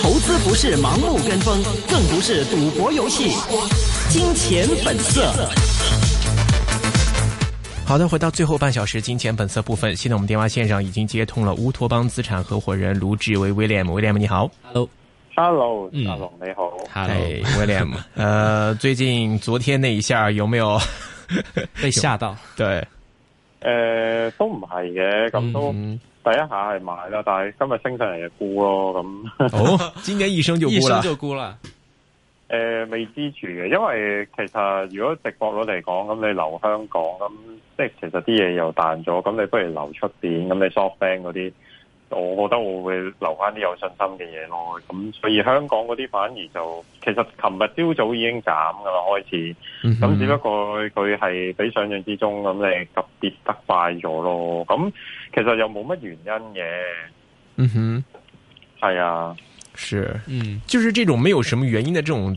投資不是盲目跟風，更不是賭博遊戲。金錢本色。好的，回到最後半小時“金錢本色”部分。現在我們電話綫上已經接通了烏托邦資產合伙人盧志威 William，William 你好。Hello，Hello，Hello 你好。Hello，William。呃，最近昨天那一下有沒有被嚇到？對。誒、呃，都唔係嘅，咁都第一下係買啦，但係今日升上嚟就沽咯，咁好，今年二升就沽啦？二升就沽啦？誒、呃，未支持嘅，因為其實如果值博率嚟講，咁你留香港，咁即係其實啲嘢又彈咗，咁你不如留出邊，咁你 SoftBank 嗰啲。我覺得我會留翻啲有信心嘅嘢咯，咁所以香港嗰啲反而就其實琴日朝早已經斬噶啦，開始咁只不過佢係比想象之中咁你急跌得快咗咯，咁其實又冇乜原因嘅，嗯哼，係啊，是，嗯，就是這種沒有什麼原因的這種。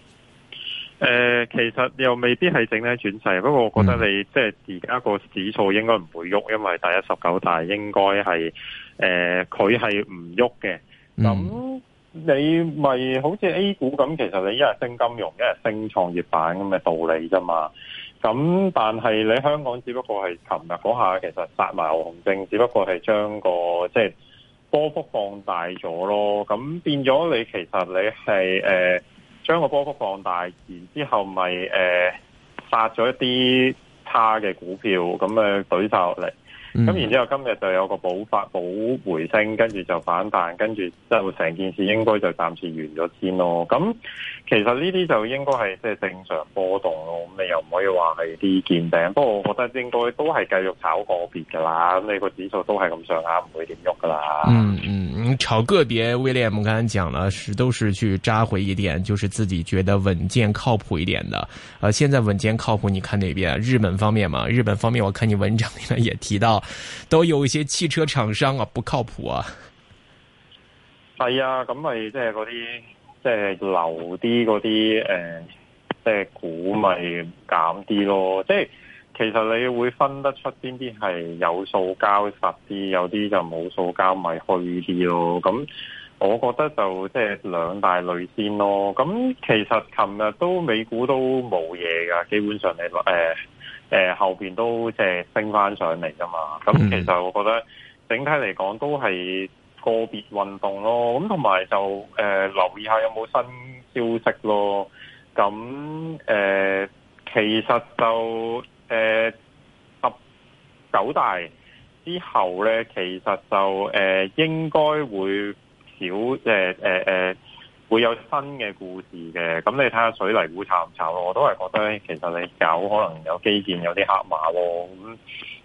誒、呃，其實又未必係整體轉勢，不過我覺得你即係而家個指數應該唔會喐，因為第一十九大應該係誒佢係唔喐嘅。咁、呃嗯、你咪好似 A 股咁，其實你一日升金融，一日升創業板咁嘅道理啫嘛。咁但係你香港只不過係琴日嗰下，其實殺埋牛熊證，只不過係將個即係波幅放大咗咯。咁變咗你其實你係誒。呃將個波幅放大，然之後咪誒、呃、殺咗一啲差嘅股票，咁樣懟晒落嚟。咁、嗯、然之後今日就有個補發補回升，跟住就反彈，跟住就成件事應該就暫時完咗先咯。咁其實呢啲就應該係即係正常波動咯。咁你又唔可以話係啲見頂，不過我覺得應該都係繼續炒個別噶啦。咁、這、你個指數都係咁上下，唔會點喐噶啦。嗯嗯，炒個別，William 剛才講啦，是都是去揸回一點，就是自己覺得穩健靠譜一點的。呃，現在穩健靠譜，你看哪邊日本方面嘛，日本方面，我看你文章裏面也提到。都有一些汽車廠商啊，啊，不靠譜啊。係啊。咁咪即係嗰啲，即係流啲嗰啲誒，即係股咪減啲咯。即係其實你會分得出邊啲係有塑膠實啲，有啲就冇塑膠咪虛啲咯。咁我覺得就即係兩大類先咯。咁其實琴日都美股都冇嘢噶，基本上你話誒。呃誒後邊都即係升翻上嚟㗎嘛，咁其實我覺得整體嚟講都係個別運動咯，咁同埋就誒、呃、留意下有冇新消息咯，咁誒、呃、其實就誒十、呃、九大之後咧，其實就誒、呃、應該會少誒誒誒。呃呃呃會有新嘅故事嘅，咁你睇下水泥股炒唔炒咯？我都係覺得其實你搞可能有基建有啲黑馬喎，咁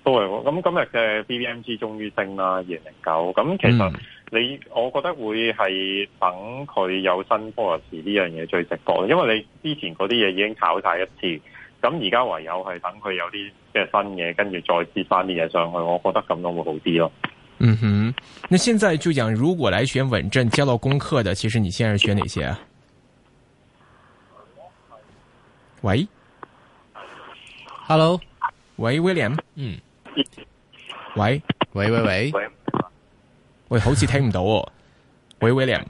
都係。咁今日嘅 BBMG 終於升啦，二零零九。咁其實你、嗯、我覺得會係等佢有新波士呢樣嘢最值博，因為你之前嗰啲嘢已經炒晒一次，咁而家唯有係等佢有啲即係新嘢，跟住再接翻啲嘢上去，我覺得咁樣都會好啲咯。嗯哼，那現在就講如果來選穩陣、交到功課的，其實你現在選哪些？啊？喂，Hello，喂 William，嗯喂，喂喂喂喂，喂好似聽唔到，喂 William，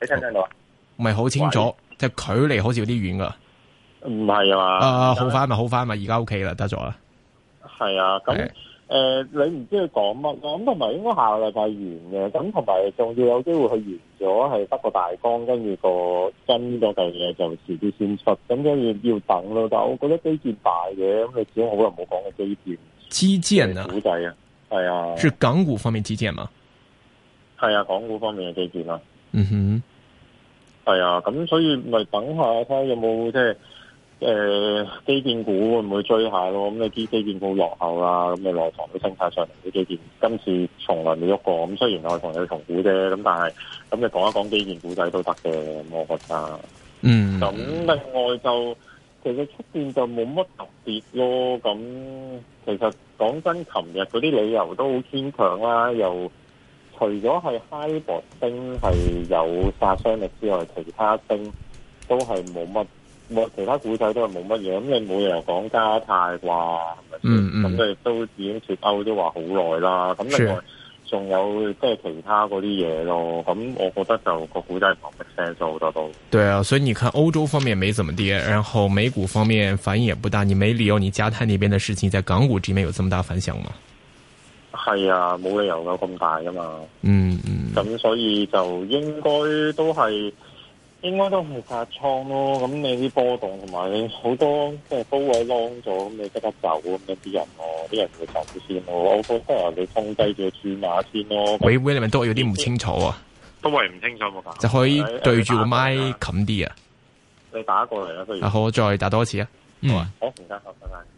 你聽唔聽到啊？唔係好清楚，即係喂距離好似有啲遠噶。唔係啊嘛。啊好翻咪好翻咪，而家 OK 啦，得咗啦。係啊，咁。誒、呃，你唔知佢講乜咯？咁同埋應該下個禮拜完嘅，咁同埋仲要有機會去完咗，係得個大綱，跟住個真嘅嘅嘢，就遲啲先出，咁跟住要等咯。但係我覺得基建大嘅，咁你始終好耐冇講過基建估，基建啊，係啊的，是港股方面基建嗎？係啊，港股方面嘅基建啊，嗯哼，係啊，咁所以咪等下睇下有冇即係。就是誒、呃，基建股會唔會追下咯？咁你啲基建股落後啦，咁你內房都升晒上嚟，啲基建今次從來未喐過。咁雖然我同你同股啫，咁但係咁你講一講基建股仔都得嘅，我覺得。嗯，嗯。咁另外就其實出邊就冇乜特別咯。咁其實講真，琴日嗰啲理由都好牽強啦。又除咗係 High 博升係有殺傷力之外，其他升都係冇乜。其他股仔都係冇乜嘢，咁你冇理由講加泰啩，係咪先？咁佢亦都已經脫歐都話好耐啦。咁另外仲有即係其他嗰啲嘢咯。咁是我覺得就個股仔蓬勃聲收好多多。對啊，所以你看歐洲方面沒怎麼跌，然後美股方面反應也不大。你沒理由你加泰那邊嘅事情在港股這面有這麼大反響、啊、大嘛。係啊，冇理由有咁大噶嘛。嗯嗯。咁所以就應該都係。應該都係殺倉咯，咁你啲波動同埋你好多即係高位 long 咗，咁你即刻走咁一啲人咯，啲人會走先咯。我可能你控制住籌碼先咯。喂，William，裏面都有啲唔清楚啊，都係唔清楚㗎。就可以對住個麥冚啲啊。你打，你打過嚟啦，不如。好，我再打多一次啊。好啊，好，唔該吧，拜拜。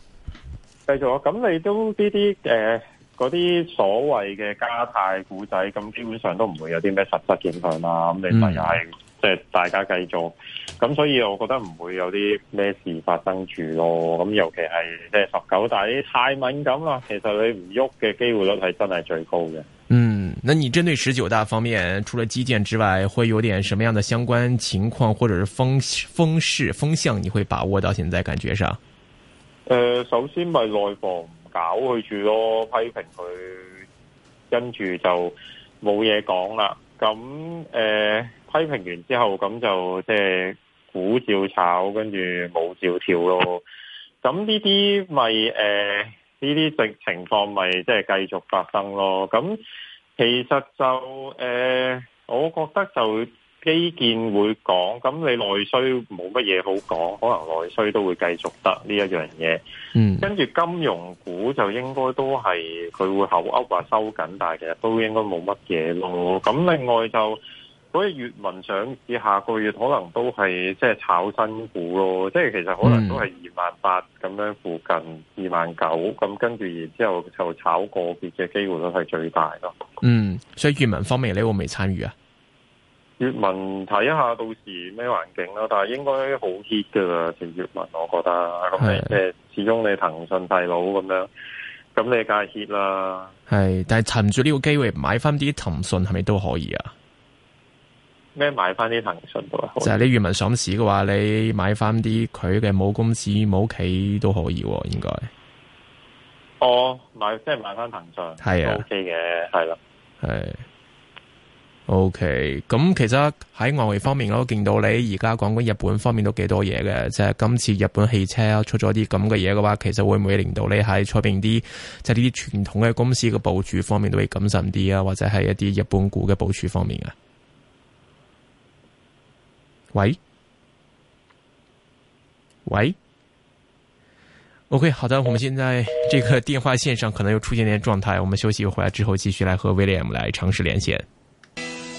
繼續咁，你都呢啲誒，嗰啲所謂嘅加泰股仔，咁基本上都唔會有啲咩實質影響啦。咁你咪又係即係大家繼續，咁所以我覺得唔會有啲咩事發生住咯。咁尤其係即係十九大太敏感啦，其實你唔喐嘅機會率係真係最高嘅。嗯，那你針對十九大方面，除了基建之外，會有點什麼樣嘅相關情況，或者是風，風勢，風向，你會把握到現在感覺上？嗯誒、呃，首先咪內房唔搞佢住咯，批評佢，跟住就冇嘢講啦。咁誒、呃，批評完之後，咁就即係股照炒，跟住舞照跳咯。咁呢啲咪誒，呢啲情情況咪即係繼續發生咯。咁其實就誒、呃，我覺得就。基建會講，咁你內需冇乜嘢好講，可能內需都會繼續得呢一樣嘢。嗯，跟住金融股就應該都係佢會後凹話收緊，但係其實都應該冇乜嘢咯。咁另外就所以粵文上市下個月可能都係即係炒新股咯。即係其實可能都係二萬八咁樣附近，二萬九咁，跟住然之後就炒個別嘅機會率係最大咯。嗯，所以粵文方面你會未參與啊？粵文睇下到時咩環境啦，但係應該好 hit 噶，就粵文我覺得咁的你始終你騰訊細佬咁樣，咁你梗係 hit 啦。係，但係趁住呢個機會買翻啲騰訊係咪都可以啊？咩買翻啲騰訊到啊？就係你粵文上市嘅話，你買翻啲佢嘅母公司母企都可以，啊，應該。哦，買即係、就是、買翻騰訊，係啊，OK 嘅，係啦，係的。的 O.K. 咁其實喺外圍方面，我都見到你而家講緊日本方面都幾多嘢嘅，即係今次日本汽車出咗啲咁嘅嘢嘅話，其實會唔會令到你喺出邊啲即係呢啲傳統嘅公司嘅部署方面都會謹慎啲啊？或者係一啲日本股嘅部署方面啊？喂喂，O.K. 好的，我們現在這個電話線上可能又出現啲狀態，我們休息回來之後繼續來和 William 來嘗試連線。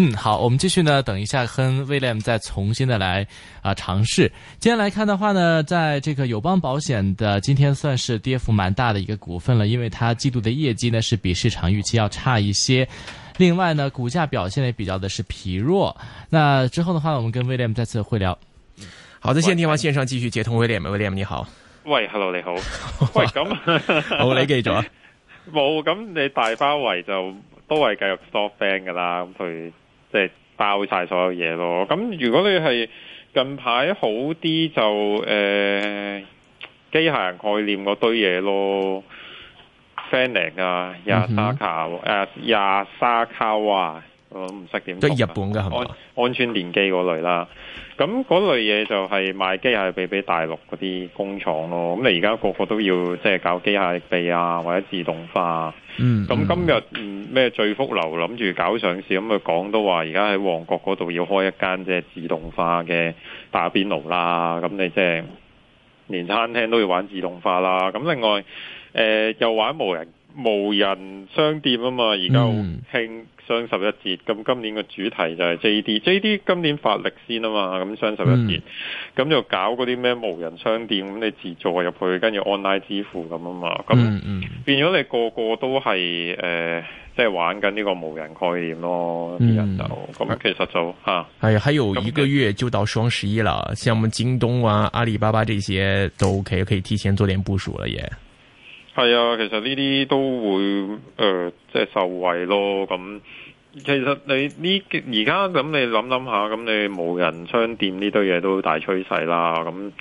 嗯，好，我們繼續呢，等一下跟 William 再重新的來啊、呃、嘗試。今天來看的話呢，在這個友邦保險的今天算是跌幅蠻大的一個股份了，因為它季度的業績呢是比市場預期要差一些。另外呢，股價表現也比較的是疲弱。那之後的話，我們跟 William 再次會聊。嗯、好的，現在電話線上繼續接通 William，William 你好。喂，Hello，你好。 喂，咁 好，你繼續啊。冇，咁你大包圍就都係繼續 Softbank 噶啦，咁所即係包晒所有嘢咯。咁如果你係近排好啲就誒機、呃、械人概念嗰堆嘢咯，Fanning 啊，亞沙卡誒亞沙卡哇。我唔識點。即係日本嘅係安全電機嗰類啦，咁嗰類嘢就係賣機械俾俾大陸嗰啲工廠咯。咁你而家個個都要即係搞機械臂啊，或者自動化。嗯。咁今日咩聚福樓諗住搞上市咁，佢講都話而家喺旺角嗰度要開一間即係自動化嘅打邊爐啦。咁你即係連餐廳都要玩自動化啦。咁另外、呃、又玩無人無人商店啊嘛，而家好興雙十一節，咁今年嘅主題就係 JD、JD 今年發力先啊嘛，咁雙十一節咁、嗯、就搞嗰啲咩無人商店，咁你自助入去，跟住 online 支付咁啊嘛，咁、嗯嗯、變咗你個個都係誒，即、呃、係、就是、玩緊呢個無人概念咯。咁、嗯、其實就吓，哎，還有一個月就到雙十一啦，那像我們京東啊、阿里巴巴這些都 OK，可，可以提前做點部署啦，耶！係啊，其實呢啲都會誒、呃，即係受惠咯。咁其實你呢而家咁，現在你諗諗下，咁你無人商店呢堆嘢都大趨勢啦。咁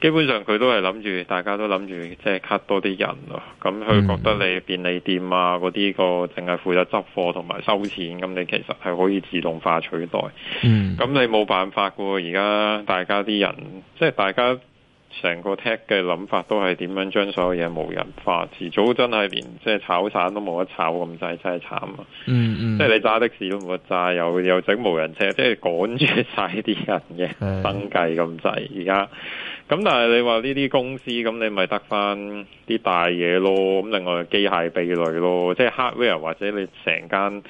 基本上佢都係諗住，大家都諗住即係 cut 多啲人咯。咁佢覺得你便利店啊，嗰啲個淨係負責執貨同埋收錢，咁你其實係可以自動化取代。嗯。咁你冇辦法噶，而家大家啲人即係大家。成個 Tech 嘅諗法都係點樣將所有嘢無人化？遲早真係連即係炒散都冇得炒咁滯，真係慘啊！嗯嗯，即係你揸的士都冇得揸，又又整無人車，即係趕住晒啲人嘅生計咁滯。而家咁，但係你話呢啲公司咁，你咪得返啲大嘢咯？咁另外就機械臂類咯，即係 Hardware 或者你成間。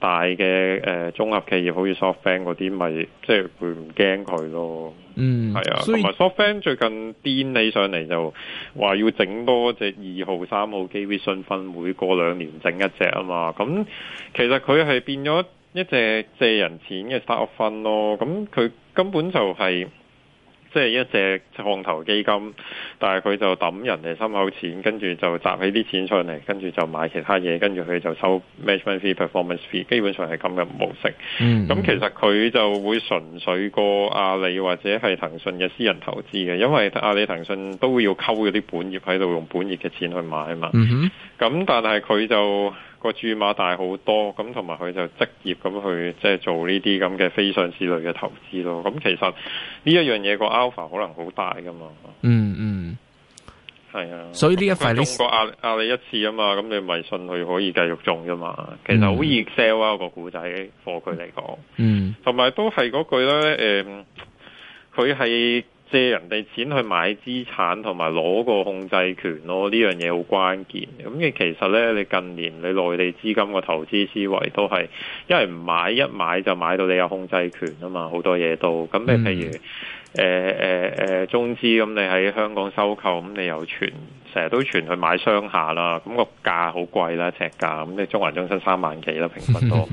大嘅誒、呃、綜合企業，好似 SoftBank 嗰啲，咪即係佢唔驚佢咯。嗯，係啊，同埋 SoftBank 最近癲起上嚟就話要整多隻二號三號機，Vision Fund 會過兩年整一隻啊嘛。咁、嗯、其實佢係變咗一隻借人錢嘅 startup fund 咯。咁、嗯、佢根本就係、是。即係一隻創投基金，但係佢就抌人哋心口錢，跟住就集起啲錢上嚟，跟住就買其他嘢，跟住佢就收 management fee、performance fee，基本上係咁嘅模式。咁、mm hmm. 其實佢就會純粹過阿里或者係騰訊嘅私人投資嘅，因為阿里、騰訊都要溝嗰啲本業喺度用本業嘅錢去買啊嘛。咁、mm hmm. 但係佢就。個注碼大好多，咁同埋佢就職業咁去即係做呢啲咁嘅非上市類嘅投資咯。咁其實呢一樣嘢個 alpha 可能好大噶嘛。嗯嗯，係啊。所以呢一塊中過阿你一次啊嘛，咁你咪信佢可以繼續中啫嘛。其實好易 sell 啊個故仔貨佢嚟講。嗯。同埋都係嗰句咧，誒、嗯，佢係。借人哋錢去買資產同埋攞個控制權咯，呢樣嘢好關鍵。咁其實呢，你近年你內地資金個投資思維都係，因為唔買一買就買到你有控制權啊嘛，好多嘢都咁你譬如誒誒、嗯呃呃、中資咁，你喺香港收購咁，你又存成日都傳去買商廈啦，咁、那個價好貴啦，尺、呃、價咁你中環中心三萬幾啦，平均都。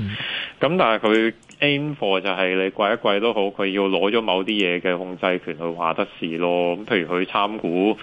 咁、嗯、但係佢 aim for 就係你貴一貴都好，佢要攞咗某啲嘢嘅控制權去話得事咯。咁、嗯、譬如佢參股。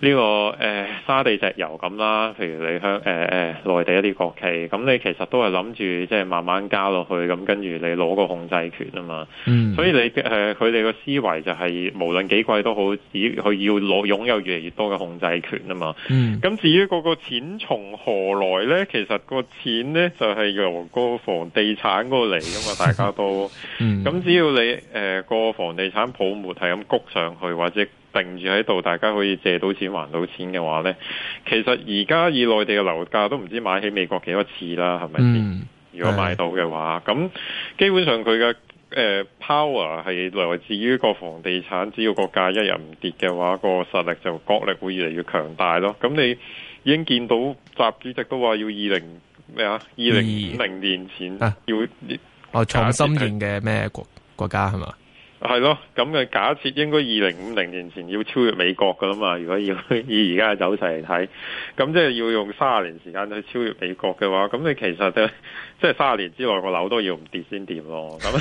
呢、這個誒、呃、沙地石油咁啦，譬如你香誒誒、呃呃、內地一啲國企，咁你其實都係諗住即係慢慢加落去，咁跟住你攞個控制權啊嘛。嗯，所以你誒佢哋個思維就係、是、無論幾貴都好，佢要攞擁有越嚟越多嘅控制權啊嘛。嗯，咁至於嗰個錢從何來咧？其實個錢咧就係由個房地產過嚟噶嘛，大家都嗯。咁只要你誒個、呃、房地產泡沫係咁谷上去，或者，定住喺度，大家可以借到錢還到錢嘅話咧，其實而家以內地嘅樓價都唔知買起美國幾多次啦，係咪先？嗯，如果買到嘅話，咁的基本上佢嘅誒 power 係來自於個房地產，只要個價一日唔跌嘅話，個實力就國力就會越嚟越強大咯。咁你已經見到習主席都話要二零咩啊？二零五零年前要哦重新建嘅咩國國家係嘛？係咯，咁嘅假設應該二零五零年前要超越美國噶啦嘛？如果以以而家嘅走勢嚟睇，咁即係要用三十年時間去超越美國嘅話，咁你其實就，即係三十年之內個樓都要唔跌先掂咯。咁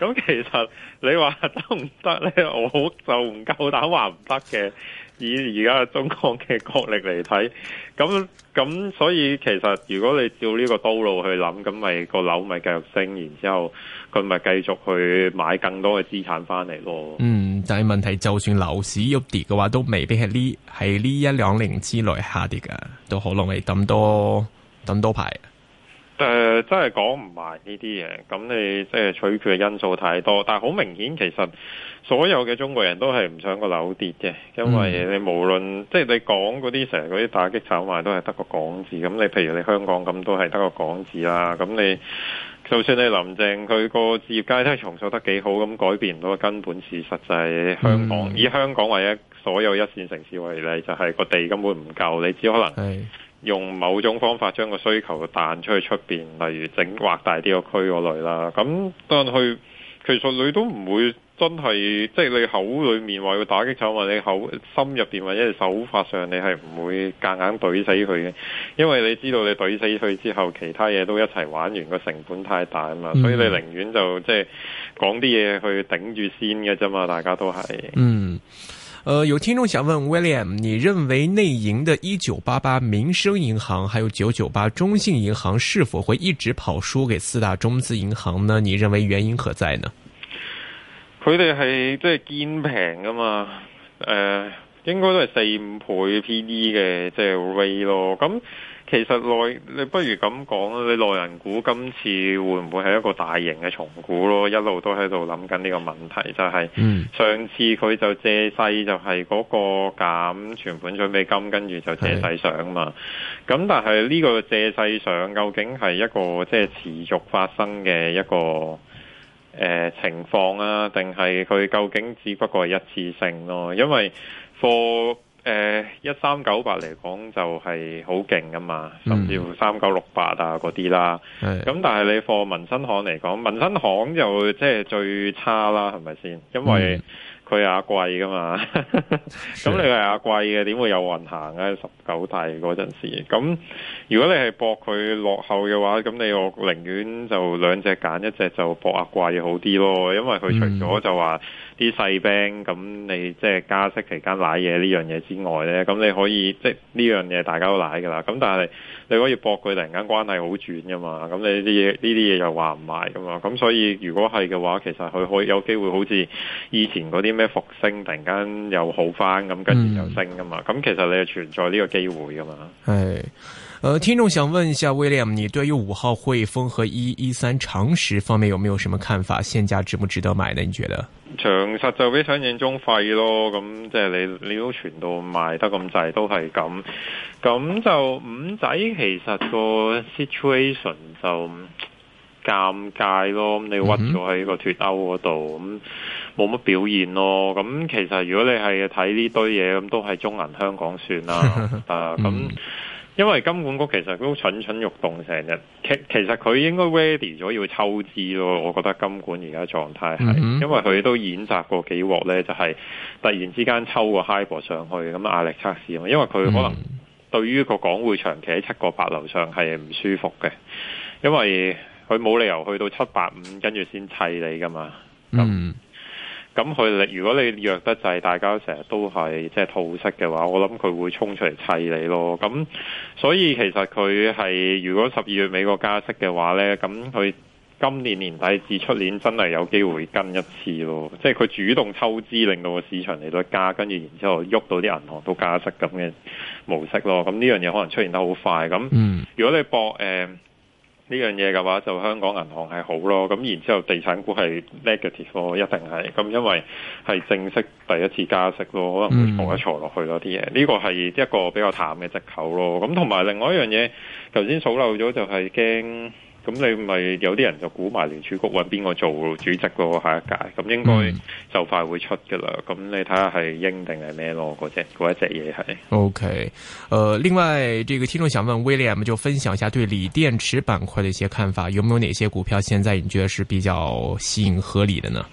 咁 其實你話得唔得咧？我就唔夠膽話唔得嘅。以而家中國嘅國力嚟睇，咁咁所以其實如果你照呢個道路去諗，咁咪個樓咪繼續升，然之後佢咪繼續去買更多嘅資產翻嚟咯。嗯，但係問題就算樓市喐跌嘅話，都未必係呢係呢一兩年之內下跌㗎。都可能係等多等多排。誒、呃，真係講唔埋呢啲嘢，咁你即係取決嘅因素太多，但係好明顯其實。所有嘅中國人都係唔想個樓跌嘅，因為你無論、嗯、即係你講嗰啲成日嗰啲打擊炒賣都係得個港字，咁你譬如你香港咁都係得個港字啦，咁你就算你林鄭佢個置業階梯都係重塑得幾好，咁改變唔到根本事實就係香港，嗯、以香港或者所有一線城市為例，就係、是、個地根本唔夠，你只可能用某種方法將個需求彈出去出邊，例如整劃大啲個區嗰類啦。咁但係其實你都唔會。真係，即係你口裏面話要打擊炒，話你口心入邊或者手法上，你係唔會夾硬懟死佢嘅，因為你知道你懟死佢之後，其他嘢都一齊玩完，個成本太大嘛，嗯、所以你寧願就即係講啲嘢去頂住先嘅啫嘛，大家都係。嗯，誒、呃，有聽眾想問 William，你認為內營嘅一九八八民生銀行，還有九九八中信銀行是否會一直跑輸給四大中資銀行呢？你認為原因何在呢？佢哋係即係堅平噶嘛？誒、呃，應該都係四五倍 P D 嘅即係、就是、r a y 咯。咁其實內你不如咁講啦，你內人股今次會唔會係一個大型嘅重估咯？一路都喺度諗緊呢個問題，就係、是、上次佢就借勢就係嗰個減存款準備金，跟住就借勢上嘛。咁是的 但係呢個借勢上究竟係一個即係、就是、持續發生嘅一個？誒、呃，情況啊，定係佢究竟只不過係一次性咯、啊？因為貨誒一三九八嚟講就係好勁㗎嘛，甚至乎三九六八啊嗰啲啦。咁是的 但係你貨民生行嚟講，民生行就即係最差啦，係咪先？因為佢係阿貴㗎嘛， 咁你係阿貴嘅，點會有運行咧？十九大嗰陣時，咁如果你係博佢落後嘅話，咁你我寧願就兩隻揀，一隻就博阿貴好啲囉！因為佢除咗就話，啲細兵咁，你即係加息期間攋嘢呢樣嘢之外呢，咁你可以即呢樣嘢大家都攋㗎啦。咁但係你可以博佢突然間關係好轉㗎嘛。咁你啲嘢呢啲嘢又話唔埋㗎嘛。咁所以如果係嘅話，其實佢可以有機會好似以前嗰啲咩復星，突然間又好翻咁，跟住又升㗎嘛。咁、嗯、其實你係存在呢個機會㗎嘛。係。呃，聽眾想問一下 William，你對於五號匯豐和一一三長實方面有沒有什麼看法？現價值唔值得買呢？你覺得長實就比想像中廢咯，咁即係你你都全度賣得咁滯都係咁，咁就五仔其實個 situation 就尷尬咯，咁你屈咗喺個脫歐嗰度，咁冇乜表現咯。咁其實如果你係睇呢堆嘢，咁都係中銀香港算啦，啊咁。 因為金管局其實都蠢蠢欲動成日，其其實佢應該 ready 咗要抽資咯。我覺得金管而家狀態係，因為佢都演習過幾鑊呢，就係突然之間抽個 HIBOR 上去，咁壓力測試因為佢可能對於個港匯長期喺七個八樓上係唔舒服嘅，因為佢冇理由去到七八五跟住先砌你㗎嘛。Mm hmm. 咁佢，如果你弱得滯，大家成日都係即係套息嘅話，我諗佢會衝出嚟砌你咯。咁所以其實佢係如果十二月美國加息嘅話呢，咁佢今年年底至出年真係有機會跟一次咯。即係佢主動抽資令到個市場嚟到加，跟住然之後喐到啲銀行都加息咁嘅模式咯。咁呢樣嘢可能出現得好快。咁如果你博、呃呢樣嘢嘅話就香港銀行係好咯，咁然之後地產股係 negative 咯，一定係咁，因為係正式第一次加息咯，可能會坐一坐落去咯啲嘢，呢個係一個比較淡嘅借口咯。咁同埋另外一樣嘢，頭先數漏咗就係驚。咁你咪有啲人就估埋聯儲局搵邊個做主席嗰下一屆，咁應該就快會出噶啦。咁、嗯、你睇下係應定係咩咯？嗰隻嗰一隻嘢係。那個那個、OK，誒、呃，另外，呢個聽眾想問 William 就分享一下對鋰電池板塊嘅一些看法，有冇有哪些股票現在你覺得是比較吸引合理的呢？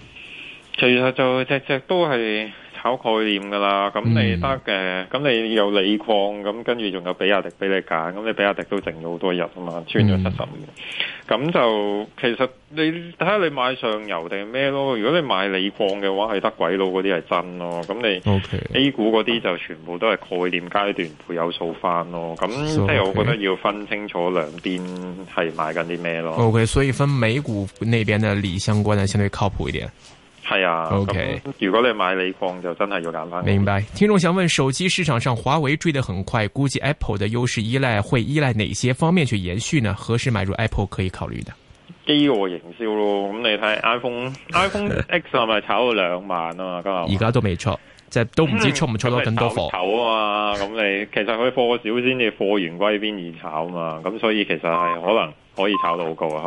其實就隻隻都係。搞概念噶啦，咁你得嘅，咁、嗯呃、你有鋰礦，咁跟住仲有比亞迪俾你揀，咁你比亞迪都剩咗好多日啊嘛，穿咗七十五，咁、嗯、就其實你睇下你買上游定咩咯？如果你買鋰礦嘅話，係得鬼佬嗰啲係真咯，咁你 ok A 股嗰啲就全部都係概念階段會有數返咯，咁即係我覺得要分清楚兩邊係買緊啲咩咯。O、okay, K，所以分美股那邊嘅鋰相關的相對靠譜一點。係啊，OK。如果你買理礦就真係要揀翻。明白。聽眾想問，手機市場上華為追得很快，估計 Apple 的優勢依賴會依賴哪些方面去延續呢？何時買入 Apple 可以考慮的？飢餓營銷咯。咁你睇 iPhone，iPhone X 係咪炒、啊、炒、炒到兩萬啊嘛，而家都未出，即係都唔知出唔出到咁多貨。炒啊嘛，咁你其實佢貨少先至貨源歸邊而炒啊嘛。咁所以其實係可能可以炒到好高啊。